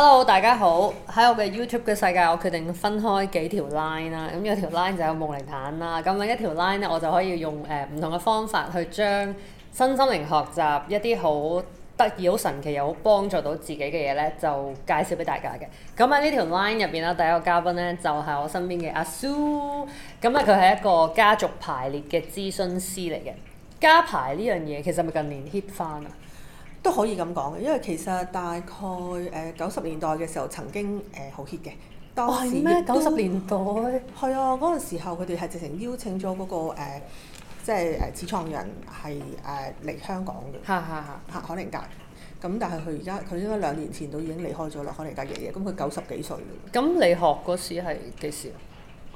Hello，大家好！喺我嘅 YouTube 嘅世界，我決定分開幾條 line 啦、嗯。咁有條 line 就有夢靈探啦。咁另一條 line 咧，我就可以用誒唔、呃、同嘅方法去將身心靈學習一啲好得意、好神奇又好幫助到自己嘅嘢咧，就介紹俾大家嘅。咁喺呢條 line 入邊啦，第一個嘉賓咧就係、是、我身邊嘅阿蘇。咁咧，佢係一個家族排列嘅諮詢師嚟嘅。家排呢樣嘢其實係咪近年 hit 翻啊？都可以咁講嘅，因為其實大概誒九十年代嘅時候曾經誒好 hit 嘅。我係咩九十年代？係、嗯、啊，嗰、那個時候佢哋係直情邀請咗嗰、那個、呃、即係誒始創人係誒嚟香港嘅。嚇嚇嚇嚇！啊、海靈格咁，嗯、但係佢而家佢應該兩年前都已經離開咗喇海靈格爺爺，咁佢九十幾歲嘅。咁你學嗰時係幾時？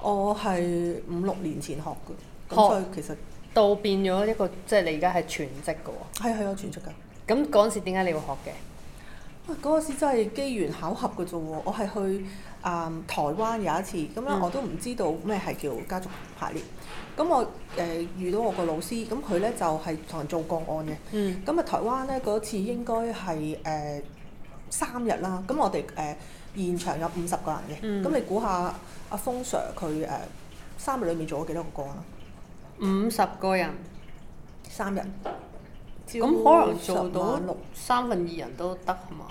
我係五六年前學嘅。所以其實都變咗一個，即係你而家係全職嘅喎。係係啊，全職㗎。咁嗰陣時點解你要學嘅？啊，嗰陣時真係機緣巧合嘅啫喎！我係去啊、呃、台灣有一次，咁咧我都唔知道咩係叫家族排列。咁我誒、呃、遇到我個老師，咁佢咧就係、是、同人做個案嘅。嗯。咁啊，台灣咧嗰次應該係誒、呃、三日啦。咁我哋誒、呃、現場有五十個人嘅。嗯。咁你估下阿風 sir 佢誒、呃、三日裏面做咗幾多個個案啊？五十個人，三日。咁可能做到三分二人都得係嘛？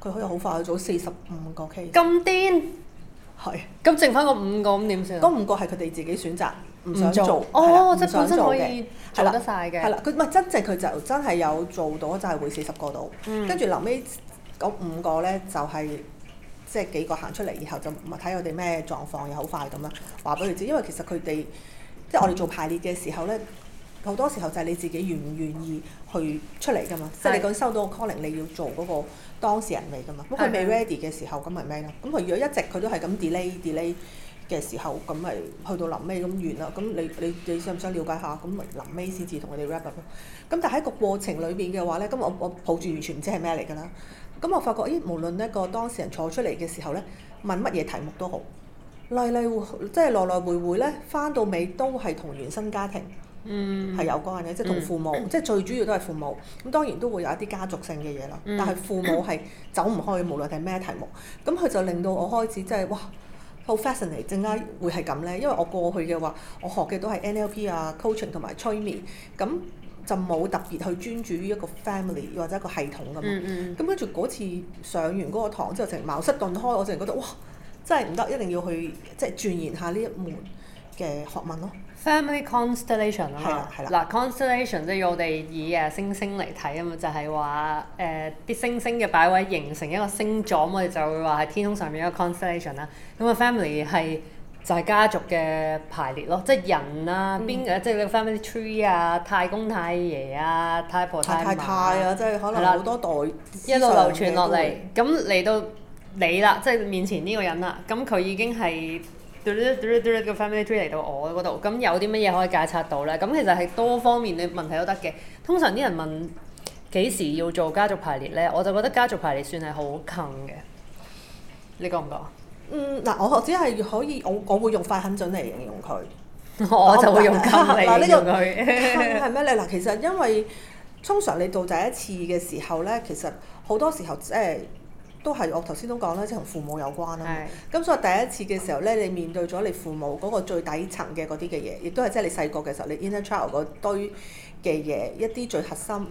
佢可以好快去做四十五個 K。咁癲是？係。咁剩翻個五個咁點算？嗰五個係佢哋自己選擇，唔想做，做了哦，即本身可以，做得晒嘅。係啦了，佢唔係真正佢就真係有做到，就係會四十個到。跟住臨尾嗰五個咧，就係、是、即係幾個行出嚟然後，就唔係睇我哋咩狀況，又好快咁啦。話俾佢知，因為其實佢哋即係我哋做排列嘅時候咧。嗯好多時候就係你自己願唔願意去出嚟㗎嘛。的即係你講收到個 calling，你要做嗰個當事人嚟㗎嘛。咁佢未 ready 嘅時候，咁咪咩咯？咁佢如果一直佢都係咁 del delay delay 嘅時候，咁咪去到臨尾咁完啦。咁你你你想唔想了解下？咁咪臨尾先至同佢哋 rap 啦。咁但喺個過程裏邊嘅話咧，咁我我抱住完全唔知係咩嚟㗎啦。咁我發覺，咦，無論呢個當事人坐出嚟嘅時候咧，問乜嘢題目都好，嚟嚟回即係來來回回咧，翻到尾都係同原生家庭。嗯，係、mm hmm. 有關嘅，即係同父母，mm hmm. 即係最主要都係父母。咁當然都會有一啲家族性嘅嘢啦。Mm hmm. 但係父母係走唔開嘅，無論係咩題目。咁佢、mm hmm. 就令到我開始即係哇好 fascinating，點解會係咁咧？因為我過去嘅話，我學嘅都係 NLP 啊、coaching 同埋催眠，咁就冇特別去專注於一個 family 或者一個系統㗎嘛。咁跟住嗰次上完嗰個堂之後，成茅塞頓開，我成日覺得哇，真係唔得，一定要去即係鑽研下呢一門。就是嘅學問咯，Family constellation 咯、啊，係、啊、啦，嗱，constellation 即係我哋以誒星星嚟睇啊嘛，就係話誒啲星星嘅擺位形成一個星座，我哋就會話係天空上面一個 constellation 啦。咁啊，family 係就係、是、家族嘅排列咯，即係人啊，邊誒、嗯，即係你個 family tree 啊，太公太爺啊，太婆太啊太，太，太啊，即、就、係、是、可能好多代、啊、的一路流傳落嚟，咁嚟會到你啦，即、就、係、是、面前呢個人啦，咁佢已經係。個 family tree 嚟到我嗰度，咁有啲乜嘢可以解釋到呢？咁其實係多方面嘅問題都得嘅。通常啲人問幾時要做家族排列呢？我就覺得家族排列算係好坑嘅。你講唔講？嗯，嗱，我只係可以，我我會用快狠準嚟形容佢， 我就會用坑嚟形容佢、呃。坑係咩呢？嗱、這個，其實因為通常你做第一次嘅時候呢，其實好多時候即係。欸都係我頭先都講啦，即係同父母有關啦。咁是、嗯、所以第一次嘅時候咧，你面對咗你父母嗰個最底層嘅嗰啲嘅嘢，亦都係即係你細個嘅時候你 inner child 嗰堆嘅嘢，一啲最核心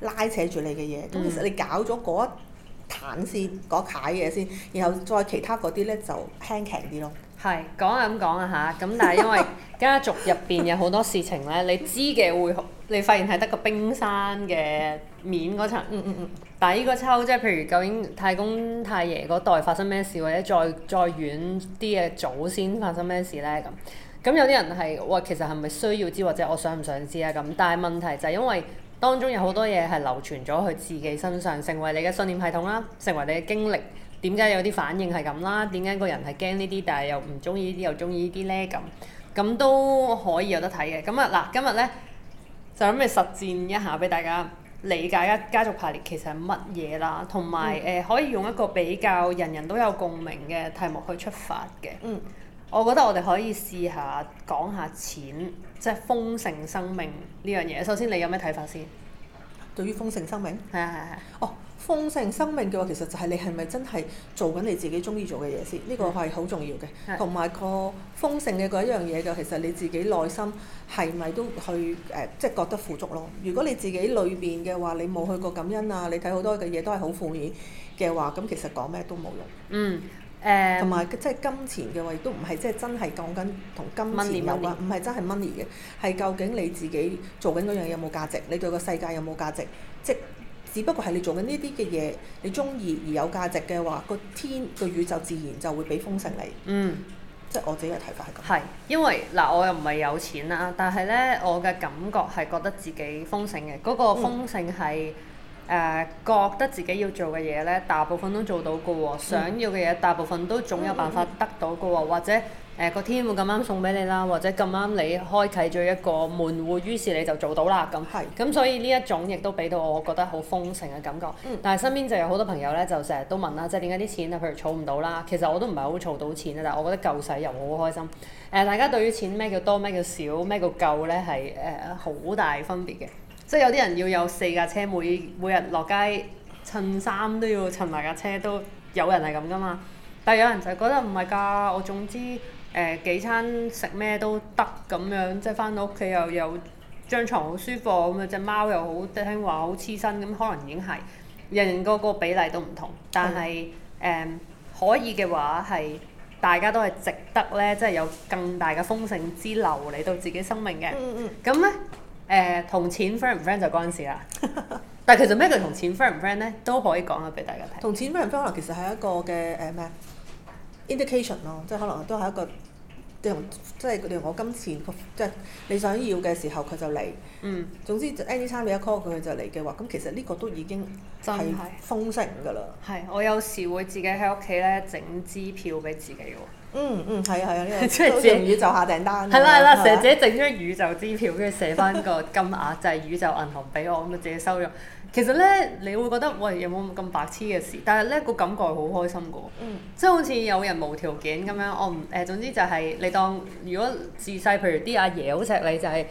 拉扯住你嘅嘢。咁其實你搞咗嗰一壇先，嗰壇嘢先，然後再其他嗰啲咧就輕輕啲咯。係講係咁講啊嚇，咁但係因為家族入邊有好多事情咧， 你知嘅會，你發現係得個冰山嘅面嗰層，嗯嗯嗯。但係依個抽即係譬如究竟太公太爺嗰代發生咩事，或者再再遠啲嘅祖先發生咩事咧咁？咁有啲人係哇其實係咪需要知，或者我想唔想知啊咁？但係問題就係因為當中有好多嘢係流傳咗去自己身上，成為你嘅信念系統啦，成為你嘅經歷。點解有啲反應係咁啦？點解個人係驚呢啲，但係又唔中意呢啲，又中意呢啲呢？咁咁都可以有得睇嘅。咁啊嗱，今日呢，就諗住實踐一下，俾大家理解一家族排列其實係乜嘢啦，同埋誒可以用一個比較人人都有共鳴嘅題目去出發嘅。嗯，我覺得我哋可以試下講下錢，即係豐盛生命呢樣嘢。首先你有咩睇法先？對於豐盛生命，係呀係係。哦。豐盛生命嘅話，其實就係你係咪真係做緊你自己中意做嘅嘢先？呢、嗯、個係好重要嘅，同埋、嗯、個豐盛嘅嗰一樣嘢嘅，其實你自己內心係咪都去誒、呃，即係覺得富足咯？如果你自己裏邊嘅話，你冇去過感恩啊，嗯、你睇好多嘅嘢都係好負面嘅話，咁其實講咩都冇用，嗯。嗯。誒。同埋即係金錢嘅話，亦都唔係即係真係講緊同金錢有關 Money, 理，唔係真係 money 嘅，係究竟你自己做緊嗰樣嘢有冇價值？你對個世界有冇價值？即只不過係你做緊呢啲嘅嘢，你中意而有價值嘅話，個天個宇宙自然就會俾豐盛你。嗯，即係我自己嘅睇法係咁。係，因為嗱、呃，我又唔係有錢啦，但係呢，我嘅感覺係覺得自己豐盛嘅，嗰、嗰個豐盛係誒、嗯呃、覺得自己要做嘅嘢呢，大部分都做到嘅喎、哦，想要嘅嘢大部分都總有辦法得到嘅喎、哦，或者。誒、呃，個天會咁啱送俾你啦，或者咁啱你開啟咗一個門戶，於是你就做到啦咁。係。咁是所以呢一種亦都俾到我覺得好豐盛嘅感覺。嗯、但係身邊就有好多朋友咧，就成日都問啦，即係點解啲錢啊？譬如儲唔到啦，其實我都唔係好儲到錢啊，但係我覺得夠使又好開心。誒、呃，大家對於錢咩叫多、咩叫少、咩叫夠咧，係誒好大分別嘅。即、就、係、是、有啲人要有四架車，每每日落街襯衫都要襯埋架車，都有人係咁噶嘛。但係有人就覺得唔係㗎，我總之。誒、呃、幾餐食咩都得咁樣，即係返到屋企又有張床好舒服咁樣，隻貓又好聽話，好黐身咁，可能已經係人個個比例都唔同，但係誒、嗯呃、可以嘅話係大家都係值得咧，即係有更大嘅豐盛之流嚟到自己生命嘅。咁咧誒同錢 friend 唔 friend 就關事啦。 但係其實咩叫同錢 friend 唔 friend 咧，都可以講下俾大家聽。同錢 friend 唔 friend 可能其實係一個嘅誒咩啊？呃 indication 咯，Indication，即係可能都係一個，即係例如我今次，即係你想要嘅時候佢就嚟。嗯，總之 anytime 你一 call 佢佢就嚟嘅話，咁其實呢個都已經係豐盛㗎啦。係，我有時會自己喺屋企咧整支票俾自己喎、嗯。嗯嗯，係啊係啊，呢即係用宇宙就下訂單。係啦係啦，寫自己整張宇宙支票，跟住寫翻個金額 就係宇宙銀行俾我，咁就自己收咗。其實咧，你會覺得喂有冇咁白痴嘅事？但係咧、嗰個感覺好開心噶，嗯，即係好似有人無條件咁樣，我唔誒、呃，總之就係你當如果自細，譬如啲阿爺好錫你，就係、係、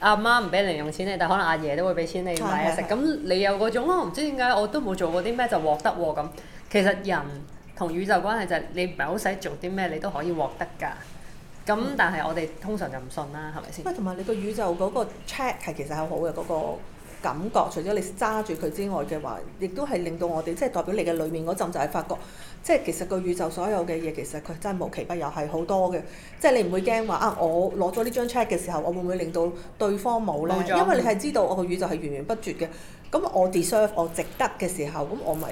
阿媽唔俾零用錢你，但可能阿爺都會俾錢你買嘢食。咁你有嗰種、哦、我唔知點解，我都冇做過啲咩就獲得喎咁。其實人同宇宙關係就係你唔係好使做啲咩，你都可以獲得㗎。咁、嗯、但係我哋通常就唔信啦，係咪先？喂，同埋你個宇宙嗰個 check 係其實係好嘅嗰、嗰個。感覺除咗你揸住佢之外嘅話，亦都係令到我哋即係代表你嘅裏面嗰陣就係發覺，即係其實個宇宙所有嘅嘢其實佢真係無奇不有係好多嘅，即係你唔會驚話啊！我攞咗呢張 check 嘅時候，我會唔會令到對方冇咧？冇錯。因為你係知道我個宇宙係源源不絕嘅。咁我 deserve 我值得嘅時候，咁我咪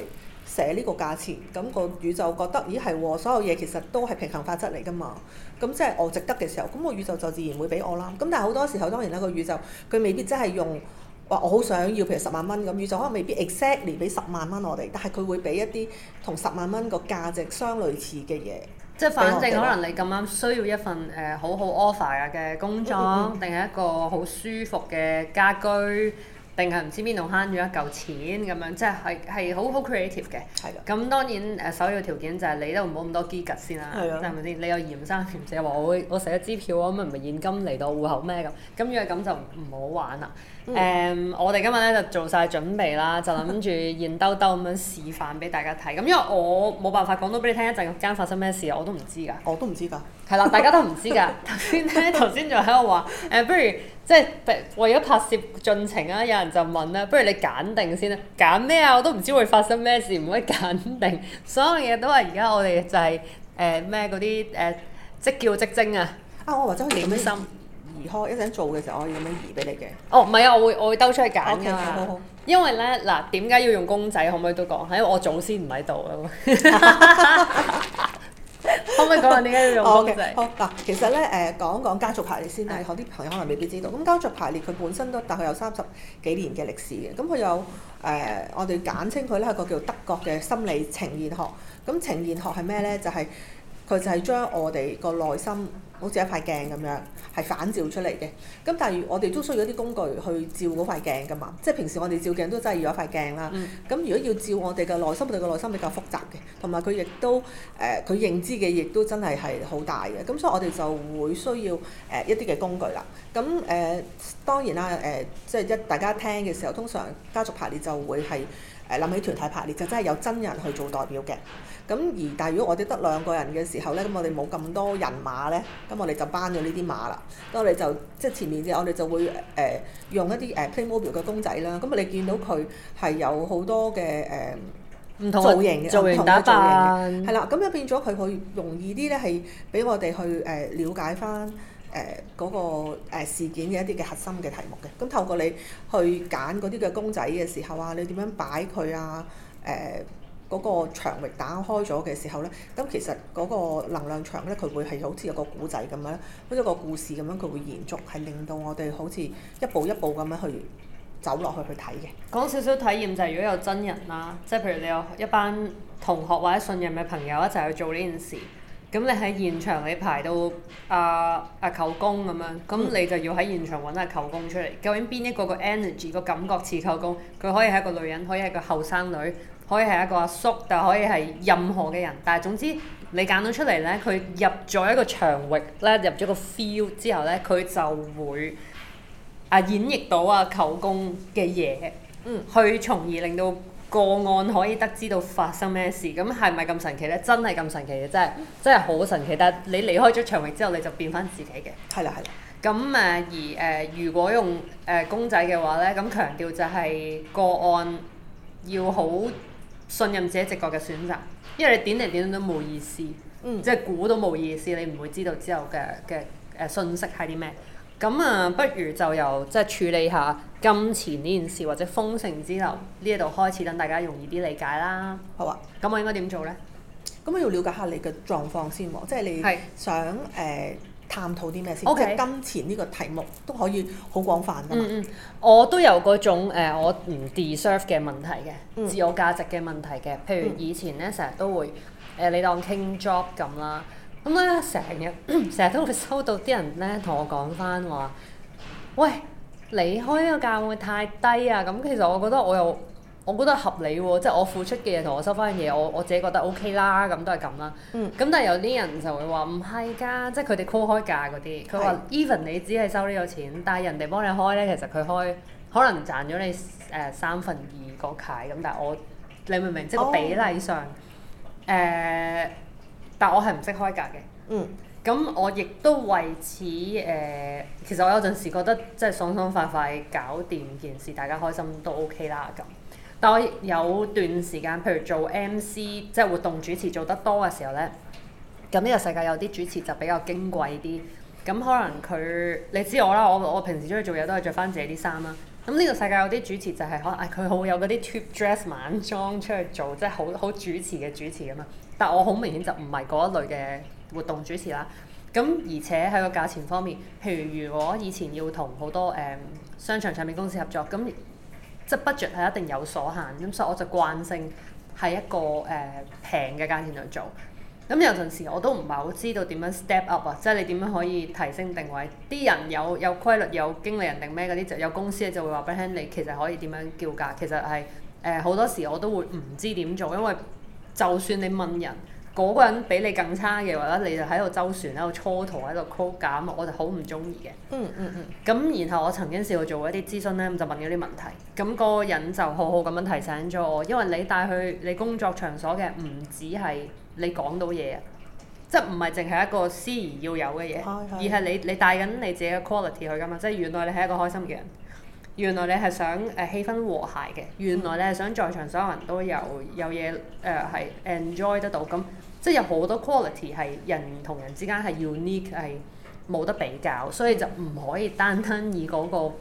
寫呢個價錢。咁個宇宙覺得咦，係喎，所有嘢其實都係平衡法則嚟㗎嘛。咁即係我值得嘅時候，咁個宇宙就自然會俾我啦。咁但係好多時候當然呢個宇宙佢未必真係用。話我好想要譬如十萬蚊咁，宇宙可能未必 exactly 俾十萬蚊我哋，但係佢會俾一啲同十萬蚊個價值相類似嘅嘢。即係反正可能你咁啱需要一份誒、呃、好好 offer 嘅工作，定係、嗯嗯、一個好舒服嘅家居。定係唔知邊度慳咗一嚿錢咁樣，即係係係好好 creative 嘅。係咁對的、嗯、當然誒，首、呃、要條件就係你都唔好咁多機夾先啦。係啊。即係咪先？你有嫌三嫌四話我我寫支票咁咪唔係現金嚟到戶口咩咁？咁如果咁就唔好玩啦。誒、嗯 um,，我哋今日咧就做晒準備啦，就諗住現兜兜咁樣示範俾大家睇。咁 因為我冇辦法講到俾你聽，一陣間發生咩事我都唔知㗎。我都唔知㗎。係啦、嗯，大家都唔知㗎。頭先咧，頭先就喺度話誒，不如。即係為咗拍攝進程啊！有人就問啦、啊，不如你揀定先啦，揀咩啊？我都唔知會發生咩事，唔可以揀定。所有嘢都係而家我哋就係誒咩嗰啲誒即叫即精啊！啊，我、哦、或者可以點心移開，一陣做嘅時候我可以咁樣移俾你嘅。哦，唔係啊，我會我會兜出去揀㗎嘛。好好，因為咧嗱，點解要用公仔？可唔可以都講？因為我祖先唔喺度啊。可唔可以講下點解要 okay, 好，嗱，啊，其實咧，誒、呃、講講家族排列先，係有啲朋友可能未必知道。咁、嗯、家族排列佢本身都，大概有三十幾年嘅歷史嘅。咁、嗯、佢有誒、呃，我哋簡稱佢咧係個叫德國嘅心理呈現學。咁、嗯、呈現學係咩咧？就係、是、佢就係將我哋個內心。好似一塊鏡咁樣，係反照出嚟嘅。咁但係我哋都需要一啲工具去照嗰塊鏡㗎嘛。即係平時我哋照鏡都真係要一塊鏡啦。咁、嗯、如果要照我哋嘅內心，我哋嘅內心比較複雜嘅，同埋佢亦都誒佢、呃、認知嘅亦都真係係好大嘅。咁、嗯、所以我哋就會需要誒、呃、一啲嘅工具啦。咁、嗯、誒。呃當然啦，誒、呃，即係一大家聽嘅時候，通常家族排列就會係誒諗起團體排列，就真、是、係有真人去做代表嘅。咁、嗯、而但係如果我哋得兩個人嘅時候咧，咁、嗯、我哋冇咁多人馬咧，咁、嗯、我哋就班咗呢啲馬啦。咁、嗯、我哋就即係前面嘅，我哋就會誒、呃、用一啲誒 playmobile 嘅公仔啦。咁你見到佢係有好多嘅誒唔同造型嘅，唔同嘅造型。嘅、呃。係啦，咁又變咗佢可以容易啲咧，係俾我哋去誒了解返。誒嗰、呃那個、呃、事件嘅一啲嘅核心嘅題目嘅，咁、嗯、透過你去揀嗰啲嘅公仔嘅時候啊，你點樣擺佢啊？誒、呃、嗰、那個場域打開咗嘅時候咧，咁、嗯、其實嗰個能量場咧，佢會係好似有個古仔咁樣，好似個故事咁樣，佢會延續，係令到我哋好似一步一步咁樣去走落去去睇嘅。講少少體驗就係、是、如果有真人啦，即係譬如你有一班同學或者信任嘅朋友一齊去做呢件事。咁你喺現場你排到阿阿舅公咁樣，咁你就要喺現場揾阿、啊、舅公出嚟。究竟邊一個個 energy 個感覺似舅公？佢可以係一個女人，可以係個後生女，可以係一個阿叔，但可以係任何嘅人。但係總之你揀到出嚟呢，佢入咗一個場域咧，入咗個 feel 之後呢，佢就會啊演繹到啊舅公嘅嘢，去、嗯、從而令到個案可以得知到發生咩事，咁係咪咁神奇呢？真係咁神奇嘅，真係真係好神奇。但係你離開咗場域之後，你就變翻自己嘅。係啦，係啦。咁誒，而誒、呃，如果用誒、呃、公仔嘅話呢，咁強調就係個案要好信任自己直覺嘅選擇，因為你點嚟點來都冇意思，嗯、即係估都冇意思，你唔會知道之後嘅嘅信息係啲咩。咁啊，不如就由即係、就是、處理下金錢呢件事或者豐盛之流呢度開始，等大家容易啲理解啦。好啊。咁我應該點做咧？咁我要了解下你嘅狀況先喎，即係你想誒是、呃、探討啲咩先？O K。Okay. 金錢呢個題目都可以好廣泛㗎。嘛。嗯，嗯。我都有嗰種、呃、我唔 deserve 嘅問題嘅，自我價值嘅問題嘅，譬、嗯、如以前咧成日都會誒、呃，你當 king job 咁啦。咁咧，成日成日都會收到啲人咧同我講翻話，喂，你開呢個價會,會太低啊！咁其實我覺得我又，我覺得合理喎、哦，即係我付出嘅嘢同我收翻嘅嘢，我我自己覺得 O、OK、K 啦，咁都係咁啦。嗯。咁、嗯、但係有啲人就會話唔係㗎，即係佢哋鋪開價嗰啲，佢話 even 你只係收呢個錢，但係人哋幫你開咧，其實佢開可能賺咗你誒、呃、三分二個價咁，但係我你明唔明？哦、即係個比例上誒。呃但我係唔識開價嘅。嗯。咁、嗯、我亦都為此誒、呃，其實我有陣時覺得即係爽爽快快搞掂件事，大家開心都 OK 啦咁。但我有段時間，譬如做 MC 即係活動主持做得多嘅時候呢，咁呢個世界有啲主持就比較矜貴啲。咁可能佢你知我啦，我我平時出去做嘢都係着翻自己啲衫啦。咁呢個世界有啲主持就係、是、可能佢、哎、好有嗰啲 tube dress 晚裝出去做，即係好好，好主持嘅主持啊嘛。但我好明顯就唔係嗰一類嘅活動主持啦。咁而且喺個價錢方面，譬如如果以前要同好多誒、嗯、商場產品公司合作，咁即係 budget 係一定有所限，咁所以我就慣性係一個誒平嘅價錢去做。咁有陣時我都唔係好知道點樣 step up 啊，即係你點樣可以提升定位？啲人有有規律有經理人定咩嗰啲就有公司就會話俾你，你其實可以點樣叫價？其實係誒好多時我都會唔知點做，因為，就算你問人嗰、那個人比你更差嘅，或者你就喺度周旋喺度蹉跎喺度 call 減，我就好唔中意嘅。嗯嗯嗯。咁然後我曾經試過做過一啲諮詢咧，咁就問咗啲問題，咁、那、嗰個人就好好咁樣提醒咗我，因為你帶去你工作場所嘅唔止係你講到嘢，即係唔係淨係一個司儀要有嘅嘢，哎哎、而係你你帶緊你自己嘅 quality 去㗎嘛，即係原來你係一個開心嘅人。原來你係想誒氣、啊、氛和諧嘅，原來你係想在場所有人都有有嘢誒係 enjoy 得到，咁即係有好多 quality 係人同人之間係 unique 係冇得比較，所以就唔可以單單以嗰、那個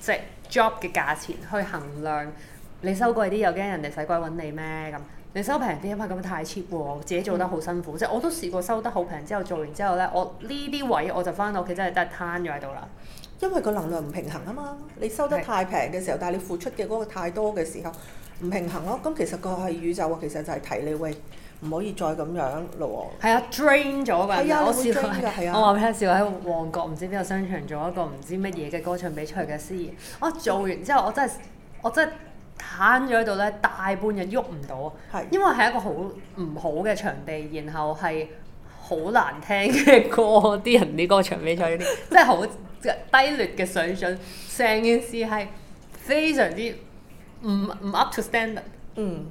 即係 job 嘅價錢去衡量，你收貴啲，又驚人哋使鬼揾你咩咁？你收平啲因為，咁太 cheap 喎，自己做得好辛苦。嗯、即係我都試過收得好平之後做完之後咧，我呢啲位我就翻到屋企真係真係攤咗喺度啦。因為個能量唔平衡啊嘛，你收得太平嘅時候，是但係你付出嘅嗰個太多嘅時候，唔平衡咯。咁其實個係宇宙啊，其實就係提你喂，唔可以再咁樣咯。係啊，drain 咗㗎。係啊，啊我試過。會我話俾你聽，試過喺旺角唔知邊個商場做一個唔知乜嘢嘅歌唱比賽嘅司儀。我做完之後，我真係我真係。攤咗喺度咧，大半日喐唔到，是因為係一個好唔好嘅場地，然後係好難聽嘅歌，啲 人啲歌場比賽嗰啲，即係好低劣嘅水準，成件事係非常之唔唔 up to standard。嗯，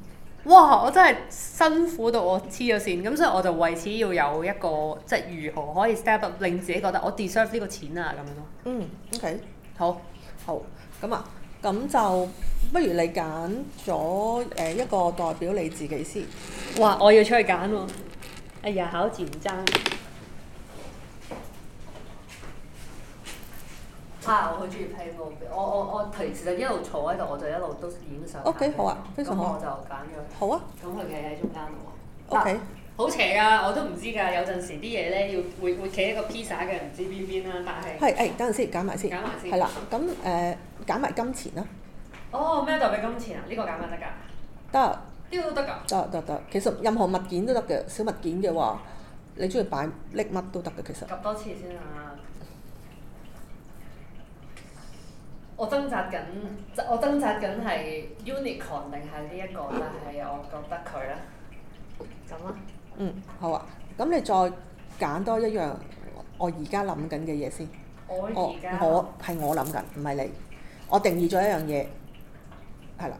哇！我真係辛苦到我黐咗線，咁所以我就為此要有一個，即係如何可以 step up，令自己覺得我 deserve 呢個錢啊咁樣咯。嗯，OK，好好，咁啊。咁就不如你揀咗誒一個代表你自己先。哇！我要出去揀喎。哎呀，考唔爭。哈、啊！我好中意 p u 我我我提前就一路坐喺度，我就一路都影相。O、okay, K，好啊，非常好。我就揀咗。好啊。咁佢企喺中間喎。O Okay . K、啊。好邪啊，我都唔知㗎。有陣時啲嘢咧要會會企一個披薩嘅唔知邊邊啦，但係。係誒、欸，等陣先揀埋先。揀埋先。係啦，咁誒。揀埋金錢啦！哦，咩代表金錢、呢個、啊？呢個揀返得㗎？得、啊。呢個都得㗎？得得得，其實任何物件都得嘅，小物件嘅話，你中意擺拎乜都得嘅，其實。𥁑 多次先啊！我掙扎緊，我掙扎緊係 unicorn 定係呢一個，但係我覺得佢咧，咁啦、啊！嗯，好啊，咁你再揀多一樣，我而家諗緊嘅嘢先。我而家、oh, 我係我諗緊，唔係你。我定義咗一樣嘢，係啦，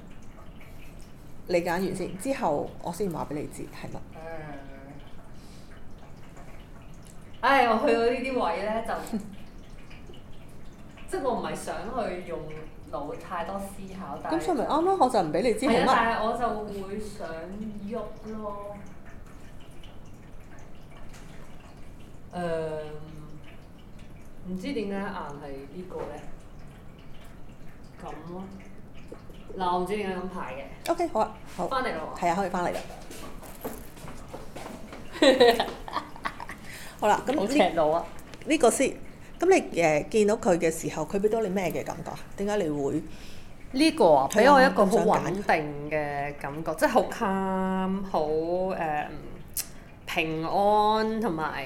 理解完先，之後我先話俾你知係乜。誒，唉，我去到呢啲位咧，就 即係我唔係想去用腦太多思考。咁、嗯、所以咪啱啦，我就唔俾你知係乜。但係我就會想喐咯。誒、嗯，唔知點解硬係呢個咧？咁咯，嗱、啊，我唔知點解咁排嘅。OK，好啊，好。翻嚟咯喎。係啊，可以翻嚟啦。 好啦，咁好赤佬啊！呢、呢個先，咁你誒、呃、見到佢嘅時候，佢俾到你咩嘅感覺？點解你會呢個啊？俾我一個好穩定嘅感覺，即係好 calm，好誒平安同埋。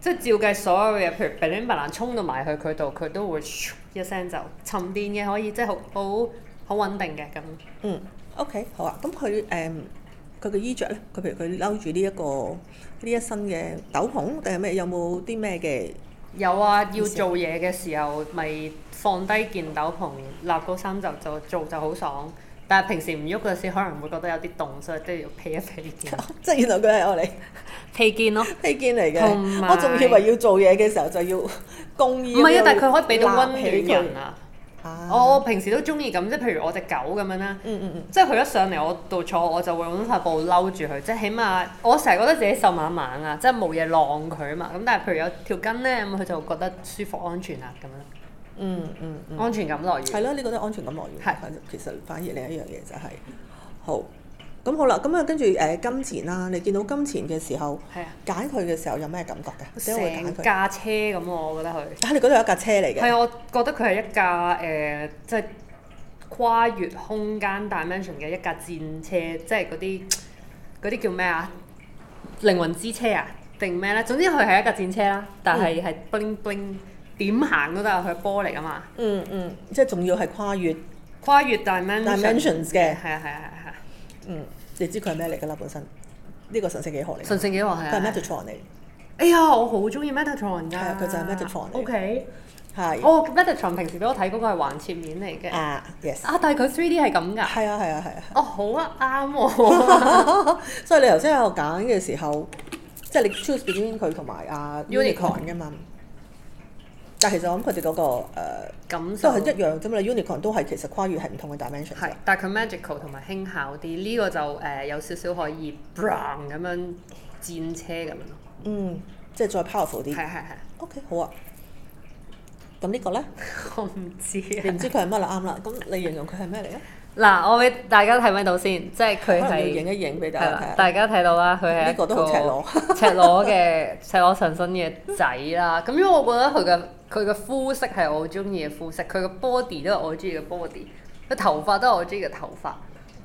即係照計所有嘢，譬如劈哩啪啦衝到埋去佢度，佢都會咻一聲就沉澱嘅可以，即係好好好穩定嘅咁。嗯，OK，好啊。咁佢誒佢嘅衣着咧，佢譬如佢嬲住呢一個呢一身嘅斗篷定係咩？有冇啲咩嘅？有啊，要做嘢嘅時候咪、啊、放低件斗篷，立個衫袖就，就做就好爽。但係平時唔喐嘅時可能會覺得有啲凍，所以都要披一披肩。即係 原來佢係我哋披肩咯，披肩嚟嘅。有我仲以為要做嘢嘅時候就要工衣。唔係啊，要但係佢可以俾到溫暖人啊！啊我平時都中意咁，即係譬如我隻狗咁樣啦。嗯嗯，即係佢一上嚟我度坐，我就會用塊布嬲住佢，即係起碼我成日覺得自己瘦蜢蜢啊，即係冇嘢晾佢啊嘛。咁但係譬如有條巾咧，咁、嗯、佢就覺得舒服安全啊。咁樣。嗯嗯，安全感來源係咯，你覺得安全感來源係，其實反而另一樣嘢就係、是、好咁好啦。咁啊，跟住誒、呃、金錢啦，你見到金錢嘅時候，揀佢嘅時候有咩感覺嘅？點解會揀？成架車咁我覺得佢嚇你嗰度係一架車嚟嘅。係啊，我覺得佢係、嗯啊、一架誒，即係、呃就是、跨越空間 dimension 嘅一架戰車，即係嗰啲嗰啲叫咩啊？靈魂之車啊？定咩咧？總之佢係一架戰車啦，但係係 bling、嗯、bling。點行都得，佢波嚟噶嘛？嗯嗯，即係仲要係跨越。跨越 dimensions 嘅，係啊係啊係啊係啊。嗯，你知佢係咩嚟㗎啦？本身呢個神聖幾何嚟。神聖幾何係啊。佢係 Metatron 嚟。哎呀，我好中意 Metatron 㗎。係啊，佢就係 Metatron。O.K. 係。哦，Metatron 平時俾我睇嗰個係橫切面嚟嘅。啊，yes。啊，但係佢 three D 係咁㗎。係啊係啊係啊。哦，好啊，啱喎。所以你頭先喺度揀嘅時候，即係你 choose between 佢同埋啊 Unicorn 㗎嘛？但其實我諗佢哋嗰個感受、呃嗯、都係一樣啫嘛、嗯，Unicorn 都係其實跨越係唔同嘅 dimension 是。係已，但佢 magical 同埋輕巧啲，呢、這個就誒、呃、有少少可以 brown 咁樣戰車咁樣咯。嗯，即係再 powerful 啲。係係係。O、okay, K，好啊。咁呢個咧？我唔知、啊、你唔知佢係乜啦啱啦，咁、 啊、你形容佢係咩嚟啊？ 嗱，我俾大家睇翻到先，即係佢係，係啦，大家睇到啦，佢係一個赤裸嘅赤裸上身嘅仔啦。咁因為我覺得佢嘅佢嘅膚色係我中意嘅膚色，佢嘅 body 都係我中意嘅 body，佢頭髮都係我中意嘅頭髮。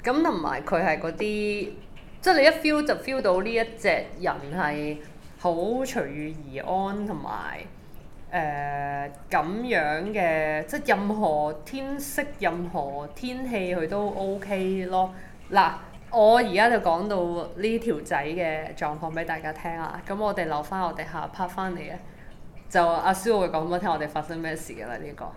咁同埋佢係嗰啲，即係你一 feel 就 feel 到呢一隻人係好隨遇而安同埋。誒咁、呃、樣嘅，即係任何天色、任何天氣，佢都 OK 咯。嗱，我而家就講到呢條仔嘅狀況俾大家聽啊。咁我哋留翻我哋下 part 翻嚟嘅，就阿蕭會講俾我聽，我哋發生咩事嘅啦呢個。